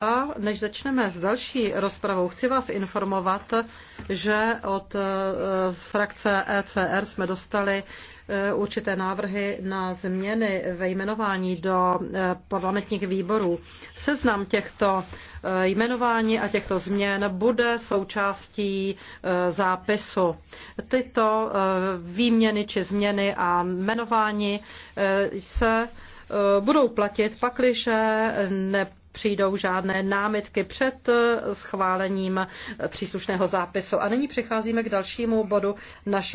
A než začneme s další rozpravou, chci vás informovat, že od eh, z frakce ECR jsme dostali eh, určité návrhy na změny ve jmenování do eh, parlamentních výborů. Seznam těchto jmenování a těchto změn bude součástí zápisu. Tyto výměny či změny a jmenování se budou platit, pakliže ne Přijdou žádné námitky před eh, schválením eh, příslušného zápisu. A nyní přicházíme k dalšímu bodu naše